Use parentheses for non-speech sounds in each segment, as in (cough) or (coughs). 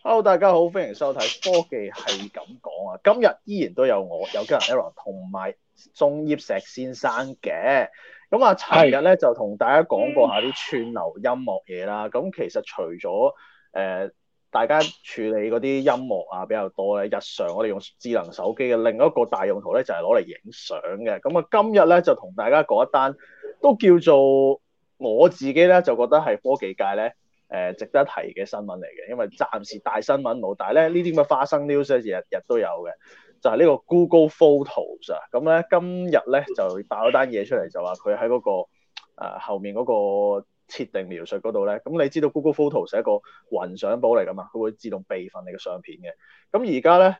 Hello 大家好，歡迎收睇科技係敢講啊！今日依然都有我，有 Jeremy 同埋宋葉石先生嘅。咁啊，尋日咧就同大家講過下啲串流音樂嘢啦。咁其實除咗誒、呃，大家處理嗰啲音樂啊比較多咧，日常我哋用智能手機嘅另一個大用途咧就係攞嚟影相嘅。咁啊，今日咧就同大家講一單，都叫做我自己咧就覺得係科技界咧。誒值得提嘅新聞嚟嘅，因為暫時大新聞冇，但係咧呢啲咁嘅花生 news 日日都有嘅，就係、是嗯、呢個 Google Photos 啊，咁咧今日咧就爆咗單嘢出嚟，就話佢喺嗰個誒、呃、後面嗰個設定描述嗰度咧，咁、嗯、你知道 Google Photos 係一個雲相簿嚟㗎嘛，佢會自動備份你嘅相片嘅，咁而家咧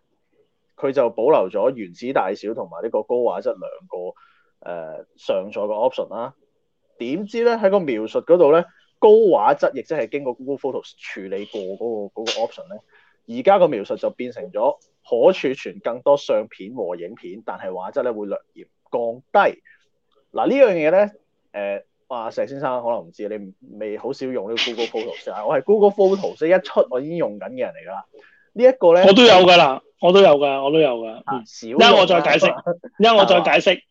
佢就保留咗原始大小同埋呢個高畫質兩個誒、呃、上載嘅 option 啦、啊，點知咧喺個描述嗰度咧？高畫質，亦即係經過 Google Photos 處理過嗰、那個那個 option 咧，而家個描述就變成咗可儲存更多相片和影片，但係畫質咧會略為降低。嗱、啊這個、呢樣嘢咧，誒、呃、啊石先生可能唔知，你未好少用呢個 Google Photos 啊。我係 Google Photos 一出我已經用緊嘅人嚟㗎啦。這個、呢一個咧，我都有㗎啦，我都有㗎，我都有㗎。少，因為我再解釋，因為 (laughs) 我再解釋。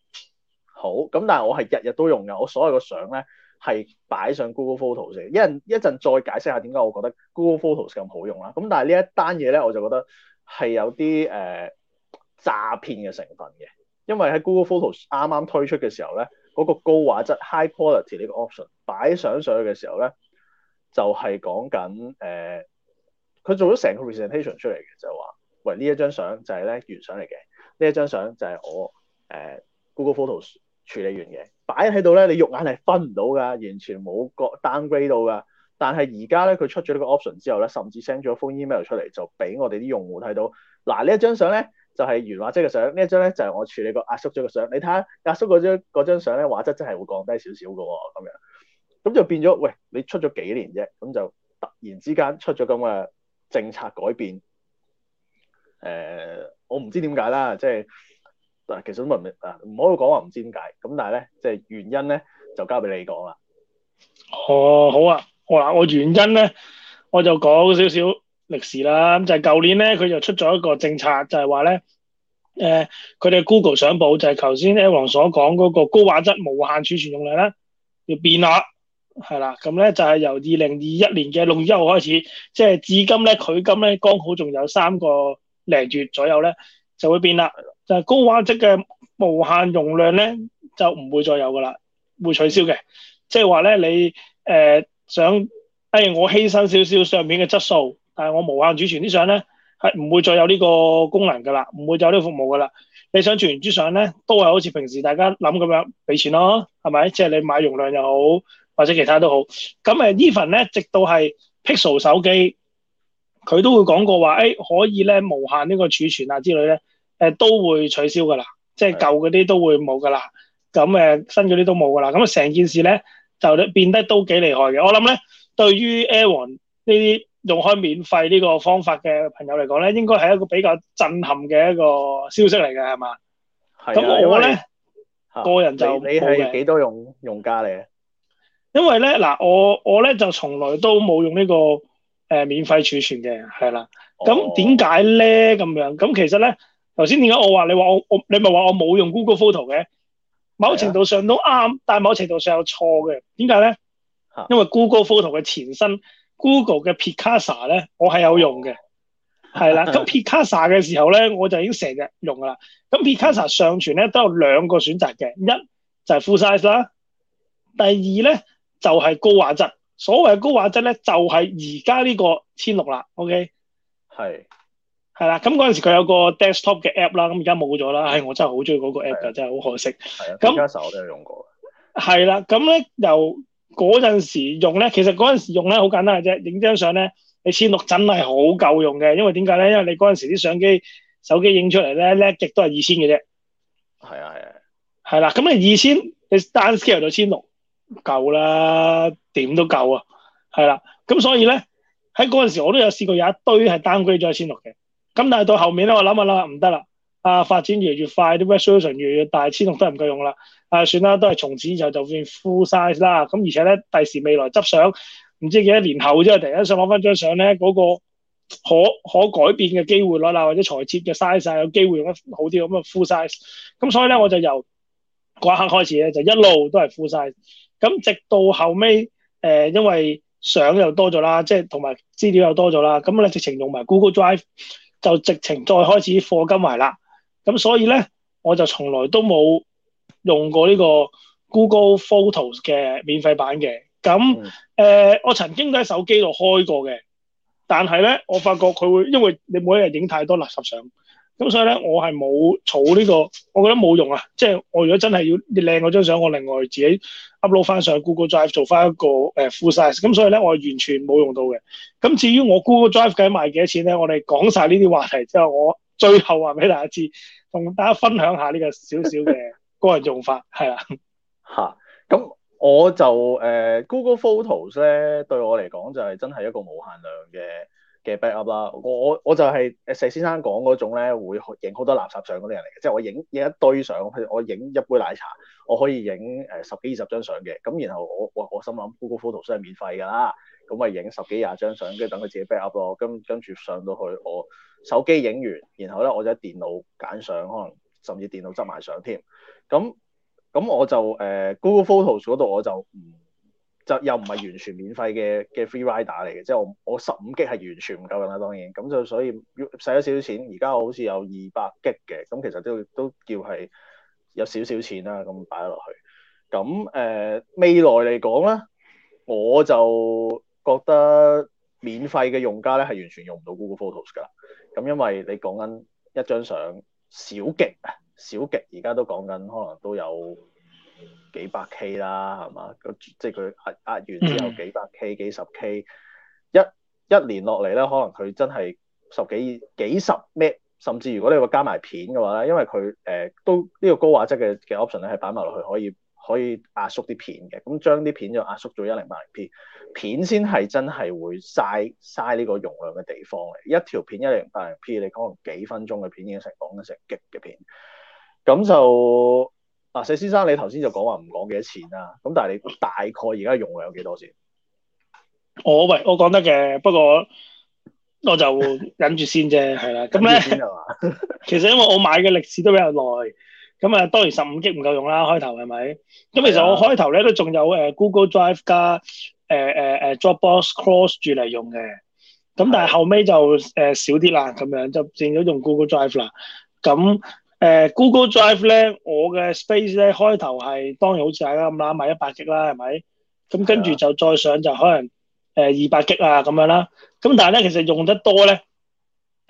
好，咁但係我係日日都用嘅，我所有嘅相咧。係擺上 Google Photos，一陣一陣再解釋下點解我覺得 Google Photos 咁好用啦。咁但係呢一單嘢咧，我就覺得係有啲誒詐騙嘅成分嘅，因為喺 Google Photos 啱啱推出嘅時候咧，嗰個高畫質 High Quality 呢個 option 擺相上去嘅時候咧，就係講緊誒，佢做咗成個 presentation 出嚟嘅，就係話：喂，呢一張相就係咧原相嚟嘅，呢一張相就係我誒 Google Photos 處理完嘅。擺喺度咧，你肉眼係分唔到噶，完全冇個 downgrade 到噶。但係而家咧，佢出咗呢個 option 之後咧，甚至 send 咗封 email 出嚟，就俾我哋啲用戶睇到。嗱，呢一張相咧就係原畫質嘅相，呢一張咧就係、是、我處理過壓縮咗嘅相。你睇下壓縮嗰張相咧，畫質真係會降低少少噶咁樣。咁就變咗，喂，你出咗幾年啫，咁就突然之間出咗咁嘅政策改變。誒、呃，我唔知點解啦，即、就、係、是。嗱，其實都唔明，啊，唔可以講話唔知點解。咁但係咧，即係原因咧，就交俾你講啦。哦，好啊，好嗱、啊，我原因咧，我就講少少歷史啦。咁就係、是、舊年咧，佢就出咗一個政策，就係話咧，誒、呃，佢哋 Google 相簿，就係頭先阿王所講嗰個高畫質無限儲存用量咧，要變啦，係啦。咁咧就係由二零二一年嘅六月一號開始，即、就、係、是、至今咧，佢今咧剛好仲有三個零月左右咧，就會變啦。就係高畫質嘅無限容量咧，就唔會再有噶啦，會取消嘅。即係話咧，你誒、呃、想誒、哎、我犧牲少少上面嘅質素，但係我無限儲存啲相咧，係唔會再有呢個功能噶啦，唔會再有呢個服務噶啦。你想存啲相咧，都係好似平時大家諗咁樣俾錢咯，係咪？即係你買容量又好，或者其他都好。咁誒，Even 咧，直到係 Pixel 手機，佢都會講過話，誒、哎、可以咧無限呢個儲存啊之類咧。誒，都會取消噶啦，即係舊嗰啲都會冇噶啦，咁誒的新嗰啲都冇噶啦，咁啊成件事咧就變得都幾厲害嘅。我諗咧，對於 Airone 呢啲用開免費呢個方法嘅朋友嚟講咧，應該係一個比較震撼嘅一個消息嚟嘅，係嘛？係的。咁我咧為個人就你係幾多用用家嚟？因為咧嗱，我我咧就從來都冇用呢、這個誒、呃、免費儲存嘅，係啦的。咁點解咧？咁樣咁其實咧。頭先點解我話你話我你我你咪話我冇用 Google Photo 嘅？某程度上都啱，但係某程度上有錯嘅。點解咧？因為 Google Photo 嘅前身 Google 嘅 Picasa 咧，我係有用嘅，係啦。咁 Picasa 嘅時候咧，我就已經成日用噶啦。咁 Picasa 上傳咧都有兩個選擇嘅，一就係、是、full size 啦，第二咧就係、是、高畫質。所謂嘅高畫質咧，就係而家呢個千六啦。OK，係。係啦，咁嗰陣時佢有個 desktop 嘅 app 啦，咁而家冇咗啦。唉，我真係好中意嗰個 app 噶的，真係好可惜。係啊的，而家那我都有用過。係啦，咁咧由嗰陣時用咧，其實嗰陣時用咧好簡單嘅啫，影張相咧，你千六真係好夠用嘅。因為點解咧？因為你嗰陣時啲相機手機影出嚟咧，叻極都係二千嘅啫。係啊的，係啊的，係啦，咁你二千你 down scale 到千六夠啦，點都夠啊。係啦，咁所以咧喺嗰陣時我都有試過有一堆係 downgrade 咗一千六嘅。咁但係到後面咧，我諗下啦，唔得啦，啊發展越嚟越快，啲 resolution 越嚟越大，千六都係唔夠用啦。啊算啦，都係從此之後就算 full size 啦。咁而且咧，第時未來執相，唔知幾多年後即係，突然間想攞翻張相咧，嗰個可可改變嘅機會率啦，或者裁切嘅 size 有機會用得好啲咁啊 full size。咁所以咧，我就由嗰一刻開始咧，就一路都係 full size。咁直到後尾，誒、呃、因為相又多咗啦，即係同埋資料又多咗啦，咁咧直情用埋 Google Drive。就直情再開始課金埋啦，咁所以咧，我就從來都冇用過呢個 Google Photos 嘅免費版嘅。咁誒、呃、我曾經都喺手機度開過嘅，但係咧，我發覺佢會因為你每一日影太多垃圾相。咁所以咧，我係冇儲呢、呢個，我覺得冇用啊。即係我如果真係要靚我張相，我另外自己 upload 翻上，上 Google Drive 做翻一個誒、呃、full size。咁所以咧，我完全冇用到嘅。咁至於我 Google Drive 計賣幾多錢咧，我哋講晒呢啲話題之後，我最後話俾大家知，同大家分享下呢個少少嘅個人用法，係啦。嚇！咁我就誒、呃、Google Photos 咧，對我嚟講就係真係一個冇限量嘅。嘅 backup 啦，我我就係，是，誒石先生講嗰種咧，會影好多垃圾相嗰啲人嚟嘅，即係我影影一堆相，譬如我影一杯奶茶，我可以影誒、呃、十,十,十幾二十張相嘅，咁然後我我我心諗 Google Photos 係免費㗎啦，咁咪影十幾廿張相，跟住等佢自己 backup 咯，跟跟住上到去我手機影完，然後咧我就喺電腦揀相，可能甚至電腦執埋相添，咁咁我就誒、呃、Google Photos 嗰度我就唔～、嗯就又唔係完全免費嘅嘅 free rider 嚟嘅，即係我我十五 G 係完全唔夠用啦，當然咁就所以使咗少少錢，而家我好似有二百 G 嘅，咁其實都都叫係有少少錢啦，咁擺咗落去。咁誒、呃、未來嚟講咧，我就覺得免費嘅用家咧係完全用唔到 Google Photos 㗎啦。咁因為你講緊一張相少極少極，而家都在講緊可能都有幾百 K 啦，係嘛？咁即係佢壓壓完之後，幾百 K、幾十 K，一一年落嚟咧，可能佢真係十幾幾十 M？甚至如果你個加埋片嘅話咧，因為佢誒、呃、都呢、這個高畫質嘅嘅 option 咧係擺埋落去可，可以可以壓縮啲片嘅。咁將啲片就壓縮到一零八零 P，片先係真係會嘥嘥呢個容量嘅地方嚟。一條片一零八零 P，你可能幾分鐘嘅片已經成講成極嘅片，咁就。啊，石先生，你頭先就講話唔講幾多錢啦、啊，咁但係你大概而家用量有幾多先？我喂，我講得嘅，不過我就忍住先啫，係啦。 (laughs) 咁咧， (laughs) 其實因為我買嘅歷史都比較耐，咁啊當然十五 G 唔夠用啦，開頭係咪？咁的其實我開頭咧都仲有誒 Google Drive 加誒誒、呃、誒、呃、Dropbox cross 住嚟用嘅，咁但係後尾就誒少啲啦，咁樣就變咗用 Google Drive 啦，咁。誒、呃、，Google Drive 咧，我嘅 space 咧開頭係當然好似大家咁啦，買一百 G 啦，係咪？咁、嗯、跟住就再上就可能誒二百 G 啊，咁樣啦。咁、嗯、但係咧，其實用得多咧，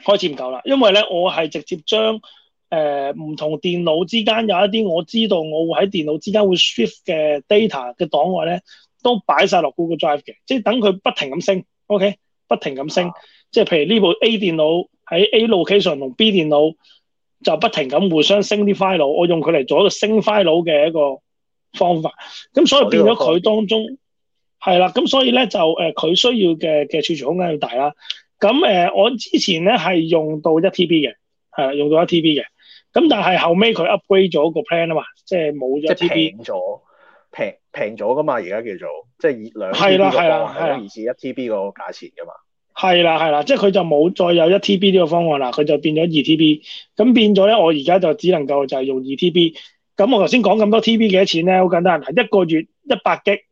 開始唔夠啦。因為咧，我係直接將誒唔、呃、同電腦之間有一啲我知道我會喺電腦之間會 shift 嘅 data 嘅檔案咧，都擺晒落 Google Drive 嘅。即係等佢不停咁升，OK？不停咁升。啊、即係譬如呢部 A 電腦喺 A location 同 B 電腦。就不停咁互相升啲 file，我用佢嚟做一個升 file 嘅一個方法，咁所以變咗佢當中係啦，咁所以咧就誒佢需要嘅嘅儲存空間要大啦，咁誒我之前咧係用到一 T B 嘅，係啦用到一 T B 嘅，咁但係後尾佢 upgrade 咗個 plan 啊嘛，即係冇咗一 T B 即係平咗平平咗噶嘛，而家叫做即係以兩 T B 個，而係一 T B 個價錢噶嘛。係啦，係啦，即係佢就冇再有一 TB 呢個方案啦，佢就變咗二 TB。咁變咗咧，我而家就只能夠就係用二 TB。咁我頭先講咁多 TB 幾多錢咧？好簡單，係一個月一百激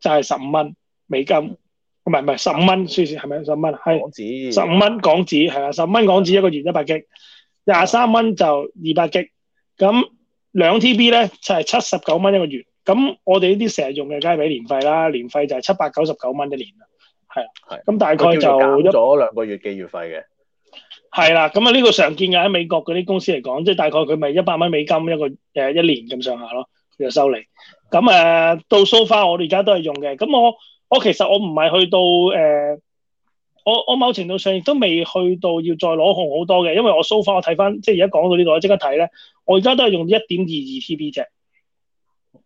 就係十五蚊美金，唔係唔係十五蚊，算算，係咪十五蚊啊？係港紙十五蚊港紙係啊，十五蚊港紙一個月一百激，廿三蚊就二百激。咁兩 TB 咧就係七十九蚊一個月。咁我哋呢啲成日用嘅梗係畀年費啦，年費就係七百九十九蚊一年啦。係啦，咁、嗯、大概就咗兩個月嘅月費嘅，係啦，咁啊呢個常見嘅喺美國嗰啲公司嚟講，即、就、係、是、大概佢咪一百蚊美金一個誒一、呃、一年咁上下咯，佢就收你。咁誒、呃、到 so far，我哋而家都係用嘅。咁我我其實我唔係去到誒、呃，我我某程度上亦都未去到要再攞紅好多嘅，因為我 so far 我睇翻，即係而家講到呢度，我即刻睇咧，我而家都係用一點二二 TB 啫。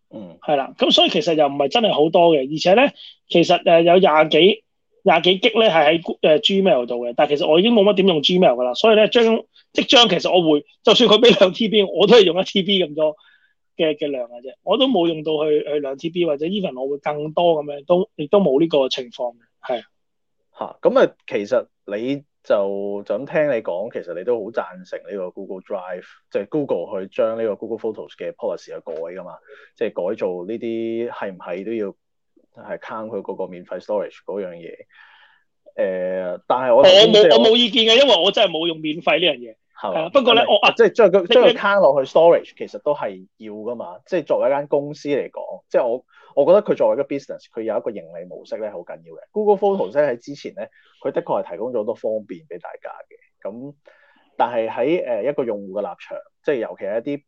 嗯，係啦，咁所以其實又唔係真係好多嘅，而且咧，其實誒有廿幾。廿幾激咧係喺誒 Gmail 度嘅，但係其實我已經冇乜點用 Gmail 噶啦，所以咧將即將其實我會，就算佢俾兩 TB，我都係用一 TB 咁多嘅嘅量嘅啫，我都冇用到去去兩 TB 或者 even 我會更多咁樣，都亦都冇呢個情況嘅，係吓，咁啊，其實你就就咁聽你講，其實你都好贊成呢個 Google Drive，即係 Google 去將呢個 Google Photos 嘅 policy 去改噶嘛，即係改造呢啲係唔係都要？係坑佢嗰個免費 storage 嗰樣嘢，誒、呃，但係我我冇我冇意見嘅，因為我真係冇用免費呢樣嘢。係吧啊，不過咧，Okay. 我啊，即係你將佢將佢坑落去 storage，其實都係要噶嘛。即係作為一間公司嚟講，即係我我覺得佢作為一個 business，佢有一個盈利模式咧，好緊要嘅。Google Photos 喺之前咧，佢的確係提供咗好多方便俾大家嘅。咁，但係喺誒一個用戶嘅立場，即係尤其係一啲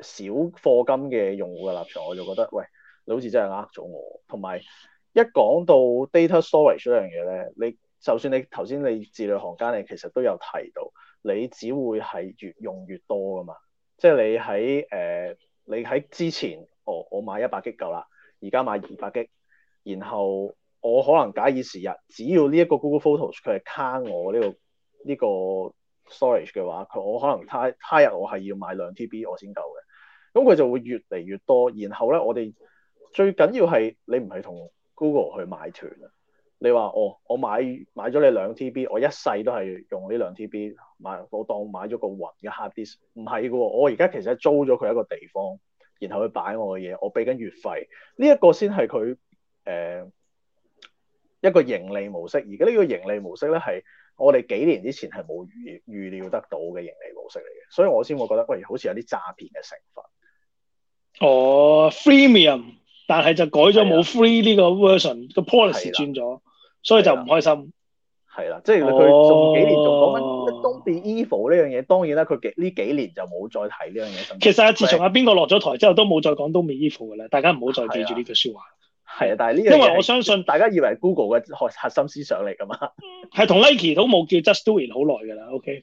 小課金嘅用戶嘅立場，我就覺得喂。你好似真係呃咗我，同埋一講到 data storage 呢樣嘢咧，你就算你頭先你字裏行間你其實都有提到，你只會係越用越多㗎嘛。即係你喺誒、呃，你喺之前，我、哦、我買一百 G 夠啦，而家買二百 G，然後我可能假以時日，只要呢一個 Google Photos 佢係卡我呢、呢個呢、呢個 storage 嘅話，佢我可能他他日我係要買兩 TB 我先夠嘅，咁佢就會越嚟越多，然後咧我哋。最緊要係你唔係同 Google 去買團啊！你話哦，我買買咗你兩 TB，我一世都係用呢兩 TB 買，我當買咗個雲嘅 hard disk。唔係嘅喎，我而家其實租咗佢一個地方，然後去擺我嘅嘢，我俾緊月費。呢、這、一個先係佢誒一個盈利模式。而家呢個盈利模式咧，係我哋幾年之前係冇預預料得到嘅盈利模式嚟嘅，所以我先會覺得喂、哎，好似有啲詐騙嘅成分。哦，Freemium、oh。但係就改咗冇 free 呢個 version 個 policy 轉咗，所以就唔開心。係啦，即係佢仲幾年仲講緊 Don't be evil 呢樣嘢。當然啦，佢幾呢幾年就冇再提呢樣嘢。其實阿自從阿邊個落咗台之後，都冇再講 Don't be evil 㗎啦。大家唔好再記住呢句説話。係啊，但係呢個因為我相信大家以為 Google 嘅核核心思想嚟㗎嘛，係同 Nike 都冇叫 Just do it 好耐㗎啦。OK，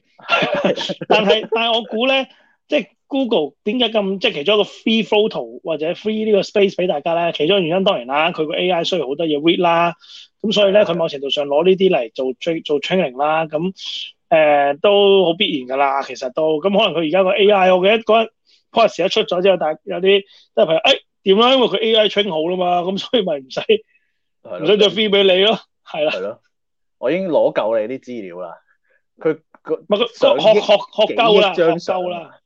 但係但係我估咧。即係 Google 點解咁即係其中一個 free photo 或者 free 呢個 space 俾大家咧？其中原因當然啦，佢個 AI 需要好多嘢 read 啦，咁所以咧佢是的 某程度上攞呢啲嚟做 train 做 training 啦，咁、嗯、誒、呃、都好必然㗎啦。其實都咁、嗯、可能佢而家個 AI 是的 我記得嗰陣嗰陣時一出咗之後，但係有啲即係譬如誒點樣，因為佢 AI train 好啦嘛，咁所以咪唔使唔使再 free 俾你咯，係啦。我已經攞夠你啲資料啦，佢佢，上億學學學夠啦，張夠啦。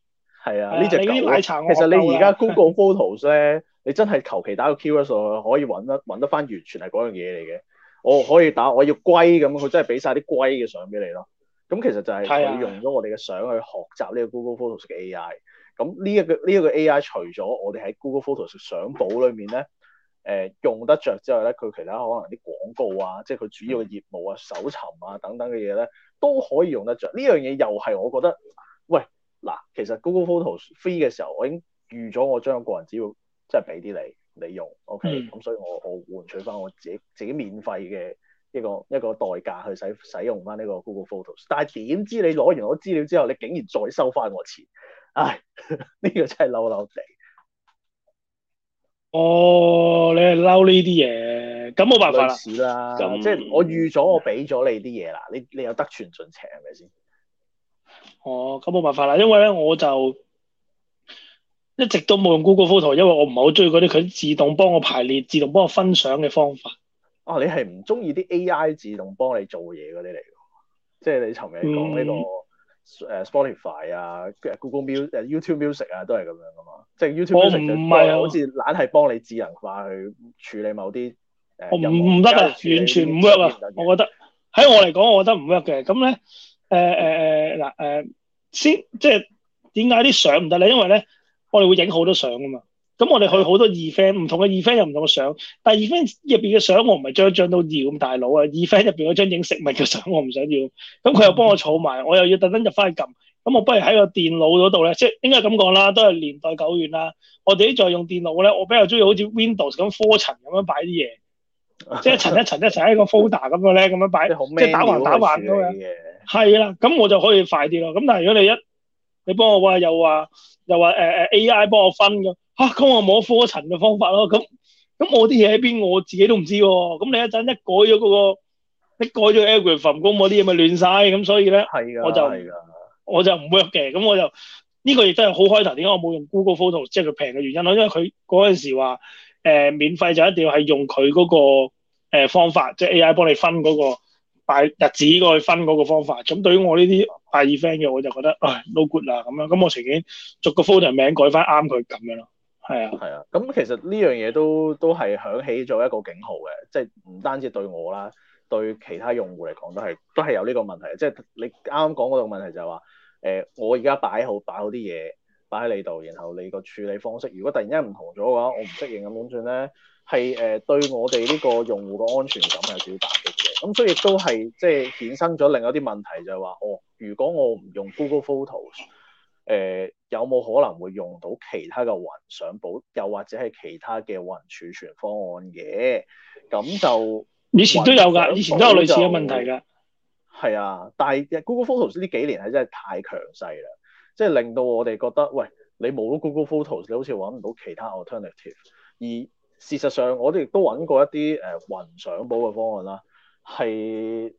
係啊，呢隻狗啊，茶狗其實你而家 Google Photos 咧， (laughs) 你真係求其打個 keyword 可以揾得揾得翻，完全係嗰樣嘢嚟嘅。我可以打我要龜咁，佢真係俾晒啲龜嘅相俾你咯。咁其實就係佢用咗我哋嘅相去學習呢個 Google Photos 嘅 AI。咁呢一個呢一、這個 AI 除咗我哋喺 Google Photos 相簿裏面咧，誒、呃、用得着之外咧，佢其他可能啲廣告啊，即係佢主要嘅業務啊、搜尋啊等等嘅嘢咧，都可以用得着。呢樣嘢又係我覺得，喂。嗱，其實 Google Photos free 嘅時候，我已經預咗我將個人資料即係俾啲你，你用，OK，咁、嗯、所以我我換取翻我自己自己免費嘅一個一個代價去使使用翻呢個 Google Photos，但係點知你攞完我資料之後，你竟然再收翻我錢，唉，呢 (laughs) 個真係嬲嬲哋。哦，你係嬲呢啲嘢，咁冇辦法啦，嗯、即係我預咗我俾咗你啲嘢啦，你你又得寸進尺係咪先？是哦，咁冇辦法啦，因為咧我就一直都冇用 Google Photo，因為我唔係好中意嗰啲佢自動幫我排列、自動幫我分享嘅方法。哦、啊，你係唔中意啲 AI 自動幫你做嘢嗰啲嚟？即係你尋日講呢個誒、嗯啊、Spotify 啊，Google Music 誒 YouTube Music 啊，都係咁樣噶嘛？即係 YouTube Music 就唔係啊，好似懶係幫你智能化去處理某啲誒。呃、我唔得啊，完全唔 work 啊，我覺得喺我嚟講，我覺得唔 work 嘅咁咧。誒誒誒嗱誒，先即係點解啲相唔得咧？因為咧，我哋會影好多相噶嘛。咁我哋去好多 event 唔同嘅 event 有唔同嘅相，但係 event 入邊嘅相我唔係張張都要咁，大佬啊。event 入邊嗰張影食物嘅相我唔想要，咁佢又幫我儲埋，我又要特登入翻去撳。咁我不如喺個電腦嗰度咧，即係應該咁講啦，都係年代久遠啦。我哋啲在用電腦咧，我比較中意好似 Windows 咁分層咁樣擺啲嘢，即係一層一層一層喺個 folder 咁樣咧，咁樣擺， (laughs) 即係打橫打橫咁樣。 (laughs) 係啦，咁我就可以快啲咯。咁但係如果你一你幫我話又話又話誒誒 A.I. 幫我分咁，吓、啊、咁我冇副一層嘅方法咯。咁咁我啲嘢喺邊，我自己都唔知。咁你一陣一改咗嗰，那個，一改咗 algorithm 工，我啲嘢咪亂晒。咁所以咧，的我就的我就唔會嘅。咁我就呢，這個亦都係好開頭。點解我冇用 Google Photos？即係佢平嘅原因咯。因為佢嗰陣時話誒、呃、免費就一定要係用佢嗰，那個誒、呃、方法，即係 A.I. 幫你分嗰，那個。買日子過去分嗰個方法，咁對於我呢啲第二 friend 嘅我就覺得唉，no good 啦咁樣。咁我隨便逐個 photo 名改翻啱佢咁樣咯。係啊，係啊。咁其實呢樣嘢都都係響起咗一個警號嘅，即係唔單止對我啦，對其他用戶嚟講都係都係有呢個問題。即係你啱啱講嗰個問題就係話，誒、呃、我而家擺好擺好啲嘢擺喺你度，然後你個處理方式，如果突然間唔同咗嘅話，我唔適應咁點算咧？係、呃、誒對我哋呢個用戶嘅安全感係有少少打咁、嗯、所以亦都係即係衍生咗另外一啲問題，就係、是、話：哦，如果我唔用 Google Photos，誒、呃，有冇可能會用到其他嘅雲相簿，又或者係其他嘅雲儲存方案嘅？咁就以前都有噶，以前都有類似嘅問題噶，係啊，但係 Google Photos 呢幾年係真係太強勢啦，即係令到我哋覺得喂，你冇咗 Google Photos，你好似揾唔到其他 alternative。而事實上，我哋亦都揾過一啲誒雲相簿嘅方案啦。係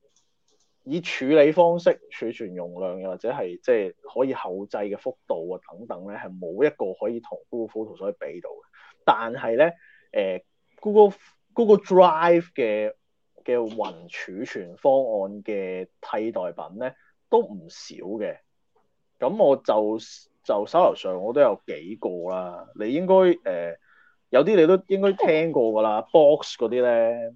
以處理方式、儲存容量又或者係即係可以後製嘅幅度啊等等咧，係冇一個可以同 Google Photos 可以比到嘅。但係咧，誒、呃、Google 嗰個 Drive 嘅嘅雲儲存方案嘅替代品咧都唔少嘅。咁我就就手頭上我都有幾個啦。你應該誒、呃、有啲你都應該聽過㗎啦，Box 嗰啲咧。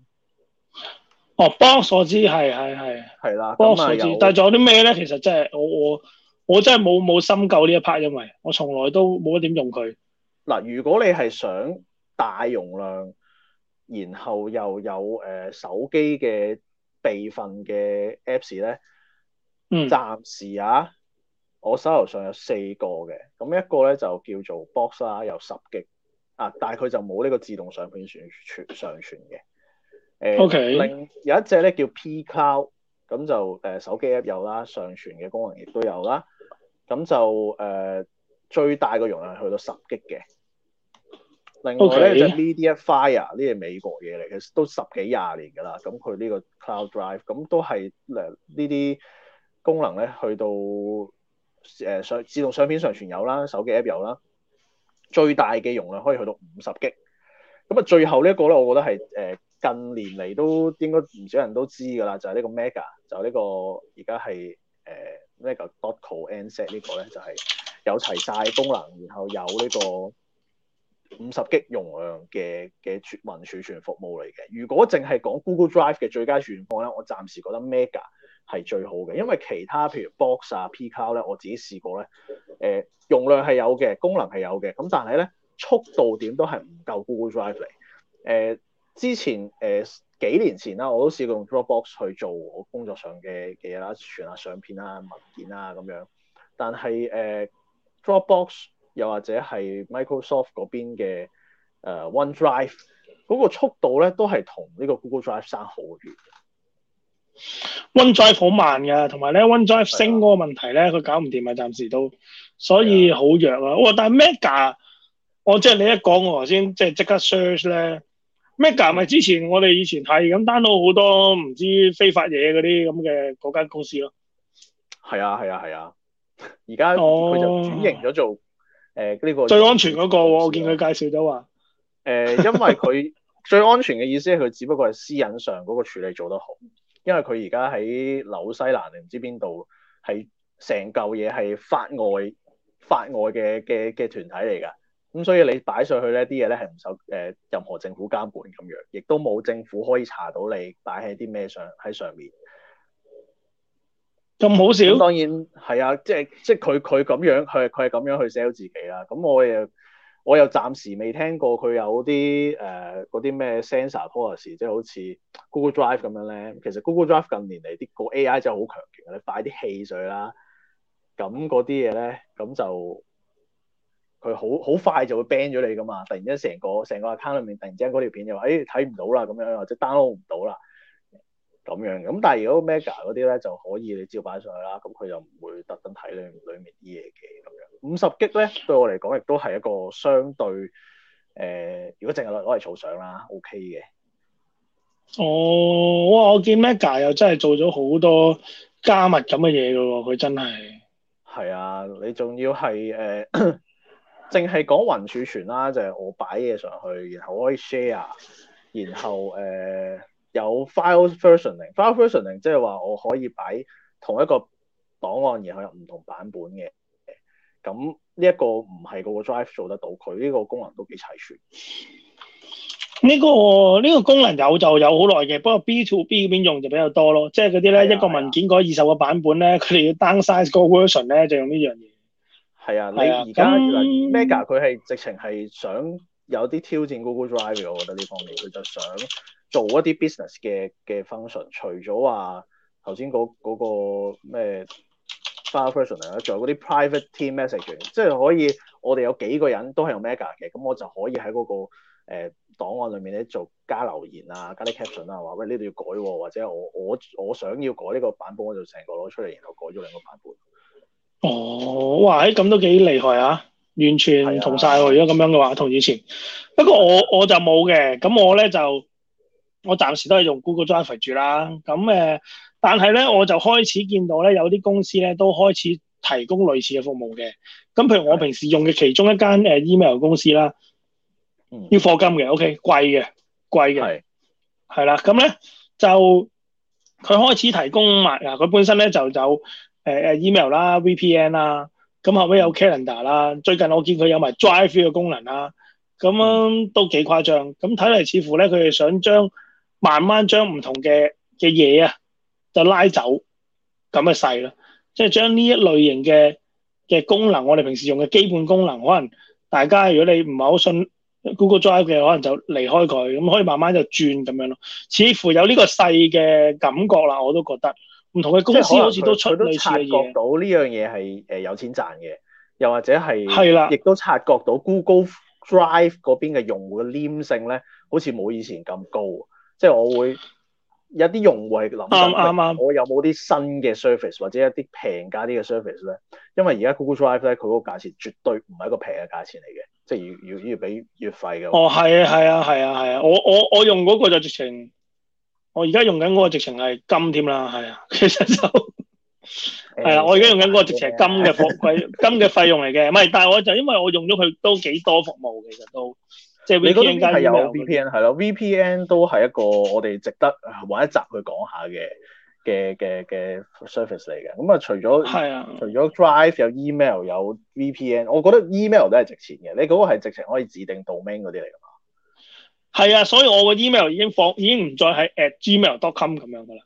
哦，box 所知係係係，係啦，box 所知，的知但係仲有啲咩咧？其實真係我我我真係冇冇深究呢一 part，因為我從來都冇乜點用佢。嗱，如果你係想大容量，然後又有誒、呃、手機嘅備份嘅 Apps 咧，嗯，暫時啊，我手頭上有四個嘅，咁一個咧就叫做 Box 啦，有十 G 啊，但係佢就冇呢個自動上片存存上傳嘅。誒，Okay. 另有一隻咧叫 P Cloud，咁就誒、呃、手機 app 有啦，上傳嘅功能亦都有啦。咁就誒、呃、最大個容量去到十 G 嘅。另外咧 Okay. 就 Media Fire 呢啲美國嘢嚟嘅，都十幾廿年㗎啦。咁佢呢個 Cloud Drive 咁都係咧呢啲功能咧去到誒上、呃、自動相片上傳有啦，手機 app 有啦，最大嘅容量可以去到五十 G。咁啊，最後呢一個咧，我覺得係誒。呃近年嚟都應該唔少人都知㗎啦，就係、是呃、呢個 Mega，就係呢個而家係誒 Mega.com.nz 呢個咧，就係、是、有齊晒功能，然後有呢個五十 GB 容量嘅嘅雲儲存服務嚟嘅。如果淨係講 Google Drive 嘅最佳選項咧，我暫時覺得 Mega 係最好嘅，因為其他譬如 Box 啊、Pcloud 咧，我自己試過咧，誒、呃、容量係有嘅，功能係有嘅，咁但係咧，速度點都係唔夠 Google Drive 嚟，誒、呃。之前誒、呃、幾年前啦，我都試過用 Dropbox 去做我工作上嘅嘅嘢啦，傳下、啊、相片啦、啊、文件啦、啊、咁樣。但係誒、呃、Dropbox 又或者係 Microsoft 嗰邊嘅誒、呃、OneDrive 嗰個速度咧，都係同呢個 Google Drive 爭好遠。OneDrive 好慢㗎，同埋咧 OneDrive 升嗰個問題咧，佢搞唔掂啊，暫時都，所以好弱啊。哇、哦！但係 mega，我即係你一講，我頭先即係即刻 search 咧。Mega 咪之前我哋以前係咁 download 好多唔知非法嘢嗰啲咁嘅嗰間公司咯，係啊係啊係啊，而家佢就轉型咗做誒呢個最安全嗰個喎，我見佢介紹咗話誒，因為佢 (laughs) 最安全嘅意思係佢只不過係私隱上嗰個處理做得好，因為佢而家喺紐西蘭定唔知邊度係成嚿嘢係法外法外嘅嘅嘅團體嚟㗎。咁所以你擺上去咧，啲嘢咧係唔受誒、呃、任何政府監管咁樣，亦都冇政府可以查到你擺喺啲咩上喺上面。咁好少？當然係啊，即係即係佢佢咁樣，佢係佢係咁樣去 sell 自己啦。咁我又我又暫時未聽過佢有啲誒嗰啲、呃、咩 sensor policy，即係好似 Google Drive 咁樣咧。其實 Google Drive 近年嚟啲、嗰個 AI 真係好強勁，你擺啲汽水啦，咁嗰啲嘢咧，咁就。佢好好快就會 ban 咗你噶嘛，突然之間成個成個 account 裏面突然之間嗰條片就話，誒睇唔到啦咁樣，或者 download 唔到啦咁樣咁。但係如果 mega 嗰啲咧就可以，你只要擺上去啦，咁佢就唔會特登睇你裏面啲嘢嘅咁樣。五十 G 咧對我嚟講亦都係一個相對誒、呃，如果淨係攞攞嚟儲相啦，OK 嘅。哦，哇！我見 mega 又真係做咗好多加密咁嘅嘢噶喎，佢真係。係啊，你仲要係誒？呃 (coughs) 淨係講雲儲存啦，就係、是、我擺嘢上去，然後我可以 share，然後誒有 file versioning，file versioning 即係話我可以擺同一個檔案，然後有唔同版本嘅。咁呢一個唔係個 Drive 做得到，佢呢個功能都幾齊全。呢、這個呢、這個功能有就有好耐嘅，不過 B to B 邊用就比較多咯，即係嗰啲咧一個文件改二十個版本咧，佢哋、啊、要 downsize 嗰個 version 咧就用呢樣嘢。係啊，你而家嗱，Mega 佢係直情係想有啲挑戰 Google Drive，我覺得呢方面，佢就想做一啲 business 嘅嘅 function。除咗話頭先嗰個咩 file version，仲有嗰啲 private team message，即係可以我哋有幾個人都係用 Mega 嘅，咁我就可以喺嗰、嗰個誒、呃、檔案裡面咧做加留言啊、加啲 caption 啊，話喂呢度要改，哦，或者我我我想要改呢個版本，我就成個攞出嚟，然後改咗兩個版本。哦，哇，嘿，咁都幾厲害啊，完全唔同晒喎。啊、如果咁樣嘅話，同以前。不過我我就冇嘅，咁我咧就我暫時都係用 Google Drive 住啦。咁誒，但係咧我就開始見到咧有啲公司咧都開始提供類似嘅服務嘅。咁譬如我平時用嘅其中一間誒 email 公司啦，的要課金嘅，OK，貴嘅，貴嘅係，係啦的。咁咧就佢開始提供埋，嗱，佢本身咧就有。就誒誒、嗯、email 啦，VPN 啦、啊，咁後尾有 calendar 啦、啊，最近我見佢有埋 drive 嘅功能啦，咁、啊、樣、啊、都幾誇張，咁睇嚟似乎咧佢哋想將慢慢將唔同嘅嘅嘢啊，就拉走咁嘅勢咯，即係將呢一類型嘅嘅功能，我哋平時用嘅基本功能，可能大家如果你唔係好信 Google Drive 嘅，可能就離開佢，咁、嗯、可以慢慢就轉咁樣咯，似乎有呢個勢嘅感覺啦，我都覺得。唔同嘅公司好似都出類似嘅嘢，都察覺到呢樣嘢係誒有錢賺嘅，又或者係係啦，亦了都察覺到 Google Drive 嗰邊嘅用戶嘅黏性咧，好似冇以前咁高。即係我會有啲用戶係諗，啱啱我有冇啲新嘅 service 或者一啲平價啲嘅 service 咧？因為而家 Google Drive 咧，佢個價錢絕對唔係一個平嘅價錢嚟嘅，即係要要要俾月費嘅。哦，係啊，係啊，係啊，係啊，啊，我我我用嗰個就直情。我而家用緊嗰個直情係金添啦，係啊，其實就係啊，我而家用緊嗰個直情係金嘅貨貴，嗯、金嘅費用嚟嘅，唔係，但係我就因為我用咗佢都幾多服務，其實都即係、就是、你嗰啲係有 VPN 係咯，VPN 都係一個我哋值得玩一集去講下嘅嘅嘅嘅 service 嚟嘅。咁啊，的除咗係啊，除咗 Drive 有 email 有 VPN，我覺得 email 都係值錢嘅。你嗰個係直情可以指定 domain 嗰啲嚟㗎。係啊，所以我個 email 已經放，已經唔再係 @gmail.com 咁樣噶啦，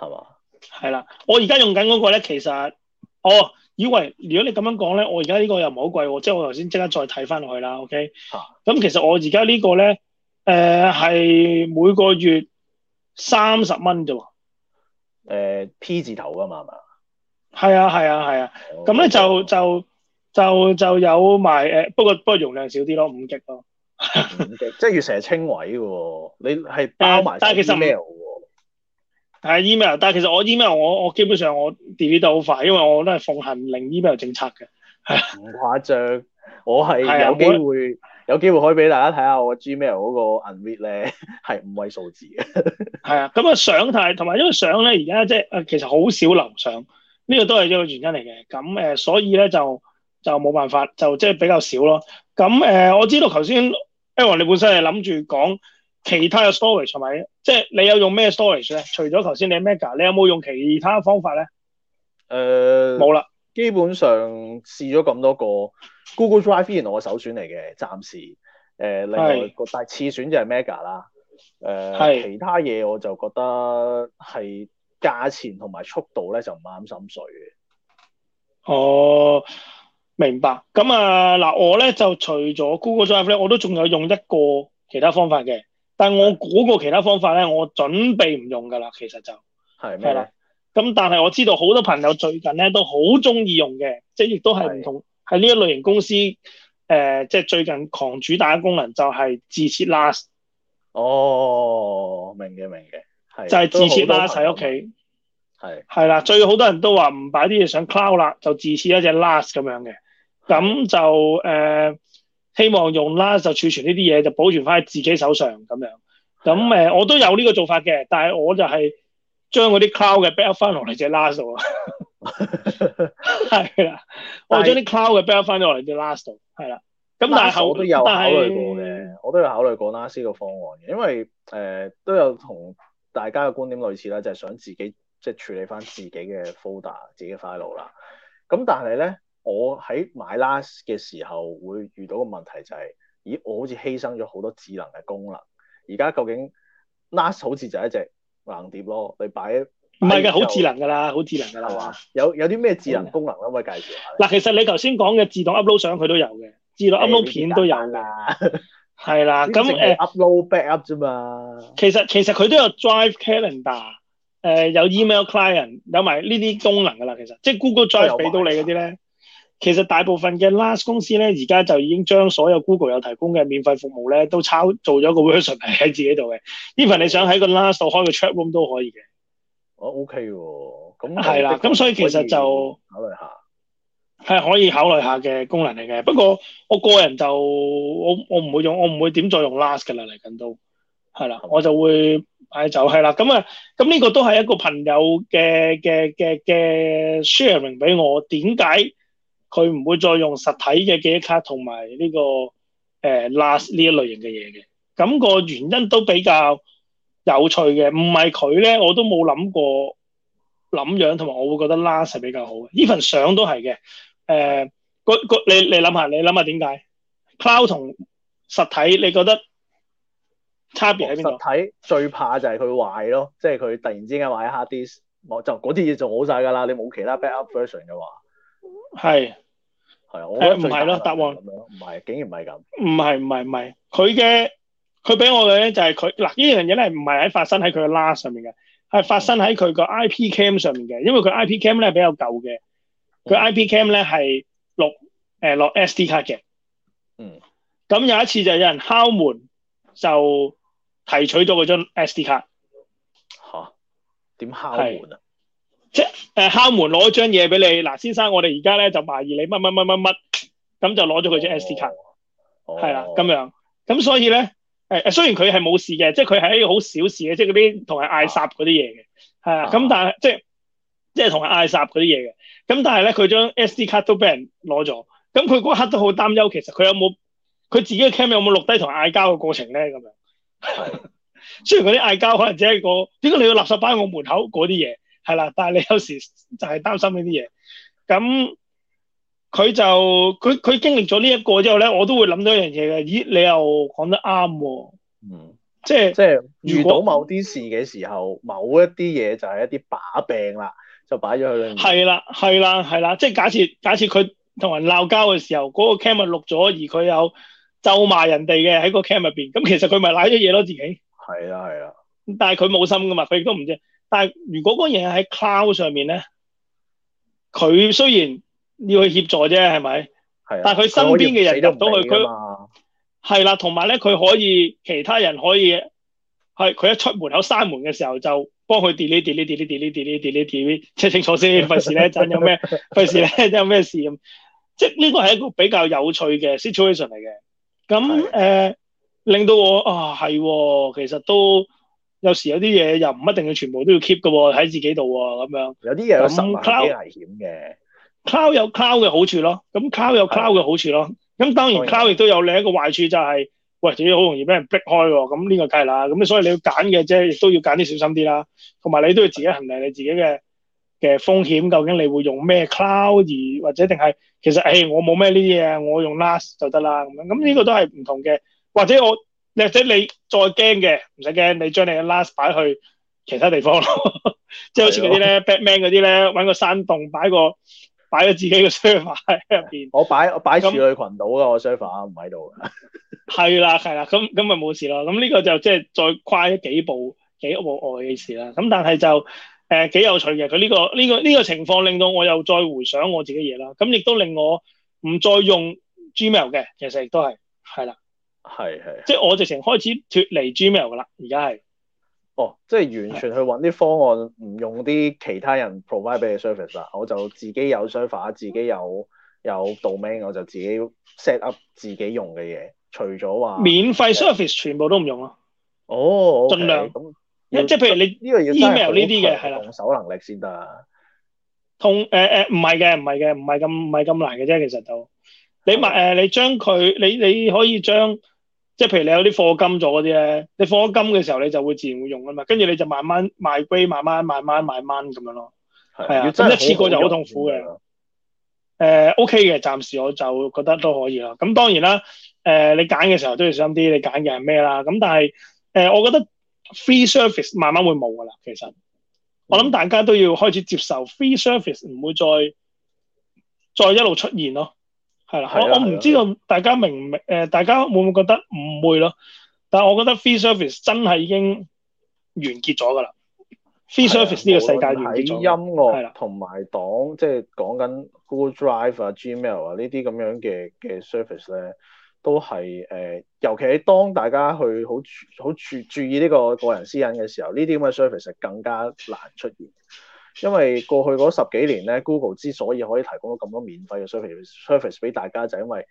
係嘛吧？係啦、啊，我而家用緊嗰個咧，其實，哦，以為如果你咁樣講咧，我而家呢個又唔係好貴喎、啊，即係我頭先即刻再睇翻落去啦，OK？咁哈、嗯、其實我而家呢個咧，誒、呃、係每個月三十蚊啫喎。P 字頭啊嘛，係嘛？係啊，係啊，係啊，咁咧、啊啊、就就就就，就有埋誒、呃，不過不過容量少啲咯，五 G 咯。 (laughs) (laughs) 即係要成日清位嘅，你係包埋但晒 email 嘅。係 (laughs) email，但係其實我 email 我我基本上我 delete 得好快，因為我都係奉行零 email 政策嘅。唔誇張，我係有機會、 (laughs) 啊、有機會可以俾大家睇下我 gmail 嗰個 unread 咧係五位數字嘅。係 (laughs) (laughs) (laughs) 啊，咁啊，相係同埋因為相咧而家即係啊，其實好少留相，呢、這個都係一個原因嚟嘅。咁誒，所以咧就。就冇辦法，就即係比較少咯。咁誒、呃，我知道頭先 Aaron 你本身係諗住講其他嘅 storage 咪，即係你有用咩 storage 咧？除咗頭先你 mega，你有冇用其他方法咧？誒、呃，冇啦了。基本上試咗咁多個 Google Drive，原來我首選嚟嘅，暫時誒、呃。另外個，但係是次選就係 mega 啦、呃。誒是，其他嘢我就覺得係價錢同埋速度咧就唔啱心水嘅。哦、呃。明白咁啊嗱，我咧就除咗 Google Drive 咧，我都仲有用一個其他方法嘅。但我估個其他方法咧，我準備唔用噶啦，其實就係咩？咁但係我知道好多朋友最近咧都好中意用嘅，即係亦都係唔同喺呢是一類型公司誒、呃，即係最近狂主打嘅功能就係自設 NAS。哦，明嘅，明嘅，係就係自設 NAS 喺屋企，係係是啦，最好多人都話唔擺啲嘢上 Cloud 啦，就自設一隻 NAS 咁樣嘅。咁就誒、呃、希望用 last 啦，就儲存呢啲嘢，就保存翻喺自己手上咁樣。咁誒，呃、Yeah. 我都有呢個做法嘅，但係我就係將嗰啲 cloud 嘅 backup 翻落嚟隻 last 喎，係啦，我將啲 cloud 嘅 backup 翻落嚟隻 last 度 (laughs) 是，啦。咁但係我都有考慮過嘅，是我都有考慮過 last、嗯、 方案嘅，因為誒、呃、都有同大家嘅觀點類似啦，就係、是、想自己即係、就是、處理翻自己嘅 folder、自己嘅 file 啦。咁但係咧。我喺買 NAS 嘅時候會遇到個問題就係，咦，我好似犧牲咗好多智能嘅功能。而家究竟 NAS 好似就一隻硬碟咯，你擺。唔係嘅，好智能㗎啦，好智能㗎啦嘛。有有啲咩智能功能？可唔可以介紹？嗱，其實你頭先講嘅自動 upload 相佢都有嘅，自動 upload 片都有嘅。係啦，咁誒 upload back up 啫嘛。其實其實佢都有 drive calendar，誒有 email client，有埋呢啲功能㗎啦。其實即係 Google Drive 俾到你嗰啲咧。其實大部分嘅 NAS 公司咧，而家就已經將所有 Google 有提供嘅免費服務咧，都抄做咗個 version 喺自己度嘅。even 你想喺個 NAS 度開個 chat room 都可以嘅。哦，OK 喎、哦，咁係啦，咁所以其實就考慮下，係可以考慮下嘅功能嚟嘅。不過我個人就我我唔會用，我唔會點再用 NAS 㗎啦，嚟緊都係啦，我就會誒就係啦。咁啊，咁呢個都係一個朋友嘅嘅嘅嘅 sharing 俾我，點解？佢唔會再用實體嘅記憶卡同埋呢個誒、呃、last 呢一類型嘅嘢嘅，咁、那個原因都比較有趣嘅。唔係佢咧，我都冇諗過諗樣，同埋我會覺得 last 係比較好嘅。even 相都係嘅，誒，個你你諗下，你諗下點解 cloud 同實體你覺得差別喺邊度？實體最怕就係佢壞咯，即係佢突然之間壞 hard disk，就嗰啲嘢就冇晒㗎啦。你冇其他 backup version 嘅話，係。係，唔係咯？答案唔係，是竟然唔係咁。唔係唔係唔係，佢嘅佢俾我嘅咧就係佢嗱呢樣嘢咧，唔係喺發生喺佢個拉上面嘅，係、嗯、發生喺佢個 I P cam 上面嘅。因為佢 I P cam 咧比較舊嘅，佢 I P cam 咧係錄誒落 S D 卡嘅。嗯。咁、呃嗯、有一次就有人敲門，就提取到嗰張 S D 卡。吓？點敲門啊？即係敲門攞張嘢俾你嗱，先生我，我哋而家咧就懷疑你乜乜乜乜乜，咁就攞咗佢張 SD 卡，係啦、哦，咁、哦、樣，咁所以咧誒誒，雖然佢係冇事嘅，即係佢係一個好小事嘅，即係嗰啲同人嗌霎嗰啲嘢嘅，係啊，咁但係即係即係同人嗌霎嗰啲嘢嘅，咁但係咧佢張 SD 卡都俾人攞咗，咁佢嗰刻都好擔憂，其實佢有冇佢自己嘅 camera 有冇錄低同人嗌交嘅過程咧咁樣？雖然嗰啲嗌交可能只係個點解你要垃圾擺喺我門口嗰啲嘢？係啦、啊，但係你有時就係擔心呢啲嘢，咁、嗯、佢就佢佢經歷咗呢一個之後咧，我都會諗到一樣嘢嘅，咦，你又講得啱、啊，就是、嗯，即係即係遇到某啲事嘅時候，某一啲嘢就係一啲把柄啦，就擺咗佢啦。係啦、啊，係啦、啊，係啦、啊啊，即係假設假設佢同人鬧交嘅時候，嗰、那個 camera 錄咗，而佢有咒罵人哋嘅喺個 camera 入邊，咁、嗯、其實佢咪賴咗嘢咯自己。係啦係啦，啊、但係佢冇心噶嘛，佢亦都唔知。但係如果嗰嘢喺 cloud 上面咧，佢雖然要去協助啫，係咪？係啊。但係佢身邊嘅人入到去佢，係啦，同埋咧，佢可以其他人可以係佢一出門口閂門嘅時候，就幫佢 delete delete delete delete delete delete，check 清楚先，費事咧真有咩，費事咧真有咩事咁。即係呢個係一個比較有趣嘅 situation 嚟嘅。咁誒，令到我啊係，其實都。有時有啲嘢又唔一定要全部都要 keep 嘅喎，喺自己度喎咁樣。有啲嘢有 cloud 幾危險嘅 cloud，cloud 有 cloud 嘅好處咯。咁 cloud 有 cloud 嘅好處咯。咁的當然 cloud 亦都有另一個壞處就係，是，喂，自己好容易俾人逼開喎、哦。咁呢個梗係啦。咁所以你要揀嘅啫，亦都要揀啲小心啲啦。同埋你都要自己衡量你自己嘅嘅風險，究竟你會用咩 cloud 而或者定係其實誒，我冇咩呢啲嘢，我用 NAS 就得啦咁樣。咁呢個都係唔同嘅，或者我。或者你再驚嘅唔使驚，你將你嘅 last 擺去其他地方咯， (laughs) 即係好似嗰啲咧 Batman 嗰啲咧，揾個山洞擺個擺咗自己嘅 server 喺入邊。我擺擺住去羣島啦，咁，我 server (laughs) 唔喺度。係啦，係啦，咁咁咪冇事咯。咁呢個就即係再跨幾步幾步外嘅事啦。咁但係就誒幾、呃、有趣嘅，佢呢、這個呢、這個呢、這個情況令到我又再回想我自己嘢啦。咁亦都令我唔再用 Gmail 嘅，其實亦都係係啦。係係，是是即係我直情開始脫離 Gmail 噶啦，而家係。哦，oh, 即係完全去搵啲方案，唔用啲其他人 provide 俾你 service 啦。我就自己有 server 自己有有 domain，我就自己 set up 自己用嘅嘢。除咗話免費 service，全部都唔用咯。哦、oh, okay，盡量咁，即係譬如你呢個 email 呢啲嘅，係啦，動手能力先得。同誒誒，唔係嘅，唔係嘅，唔係咁唔係咁難嘅啫。其實就、嗯、你咪誒，你將佢，你你可以將。即係譬如你有啲課金咗嗰啲咧，你課金嘅時候你就會自然會用㗎嘛，跟住你就慢慢買貴，慢慢慢慢買 m 咁樣咯，係啊的，咁的一次過就好痛苦嘅。誒、呃、OK 嘅，暫時我就覺得都可以啦。咁當然啦，誒、呃、你揀嘅時候都要小心啲，你揀嘅係咩啦？咁但係誒、呃，我覺得 free service 慢慢會冇噶啦。其實我諗大家都要開始接受 free service 唔會再再一路出現咯。.係啦，我我唔知道大家明唔明？誒，大家會唔會覺得唔會咯？但係我覺得 free service 真係已經完結咗㗎啦。的 free service 呢個世界完結咗喺音樂同埋檔，的即係講緊 Google Drive 啊、Gmail 啊這這呢啲咁樣嘅嘅 service 咧，都係誒、呃，尤其係當大家去好注好注注意呢個個人私隱嘅時候，呢啲咁嘅 service 更加難出現。因為過去嗰十幾年咧，Google 之所以可以提供咗咁多免費嘅 service service 俾大家，就是，因為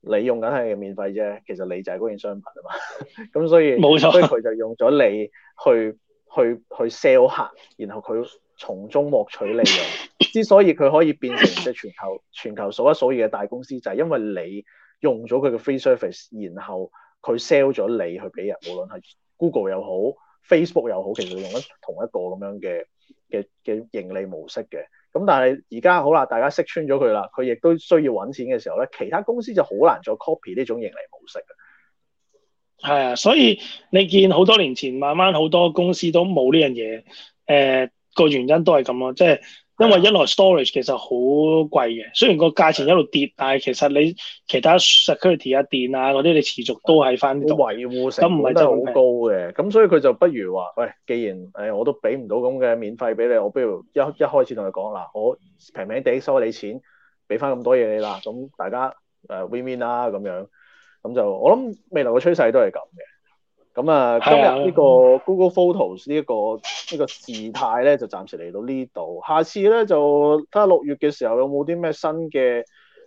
你用緊係免費啫，其實你就係嗰件商品啊嘛。咁 (laughs) 所以冇錯，所以佢就用咗你去去去，去 sell 客，然後佢從中獲取利潤。 (laughs) 之所以佢可以變成即係全球全球數一數二嘅大公司，就係、是、因為你用咗佢嘅 free service，然後佢 sell 咗你去俾人，無論係 Google 又好，Facebook 又好，其實用緊同一個咁樣嘅。嘅嘅盈利模式嘅，咁但係而家好啦，大家識穿咗佢啦，佢亦都需要揾錢嘅時候咧，其他公司就好難再 copy 呢種盈利模式嘅。係啊，所以你見好多年前慢慢好多公司都冇呢樣嘢，誒、呃、個原因都係咁咯，即係。因為一來 storage 其實好貴嘅，雖然個價錢一路跌，但係其實你其他 security 啊、電啊嗰啲，你持續都係翻呢度維護成本都係好高嘅，咁、嗯、所以佢就不如話，喂，既然誒、哎、我都俾唔到咁嘅免費俾你，我不如一一開始同你講嗱，我平平地收你錢，俾翻咁多嘢你啦，咁大家誒、呃、win-win 啦咁樣，咁就我諗未來嘅趨勢都係咁嘅。咁啊，今日、這個這個、呢個 Google Photos 呢一個呢個事態咧，就暫時嚟到呢度。下次咧就睇下六月嘅時候有冇啲咩新嘅誒、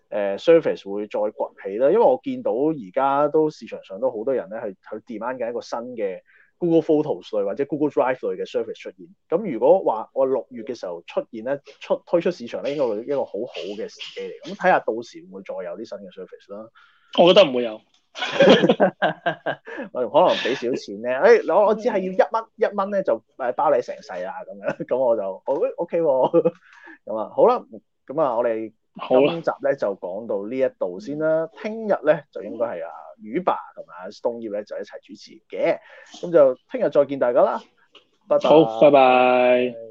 呃、service 會再崛起啦。因為我見到而家都市場上都好多人咧係去 demand 緊一個新嘅 Google Photos 類或者 Google Drive 類嘅 service 出現。咁如果話我六月嘅時候出現咧，出推出市場咧，應該係一個好好嘅時機嚟。咁睇下到時會唔會再有啲新嘅 service 啦。我覺得唔會有。 (laughs) 我可能俾少錢咧，誒、哎，我我只係要一蚊，一蚊咧就誒包你成世啊，咁樣，咁我就，好、哎、ok，咁啊， (laughs) 好啦，咁啊，我哋今集咧就講到呢一度先啦，聽日咧就應該係啊宇爸同埋阿冬葉咧就一齊主持嘅，咁就聽日再見大家啦，拜拜，好，拜拜。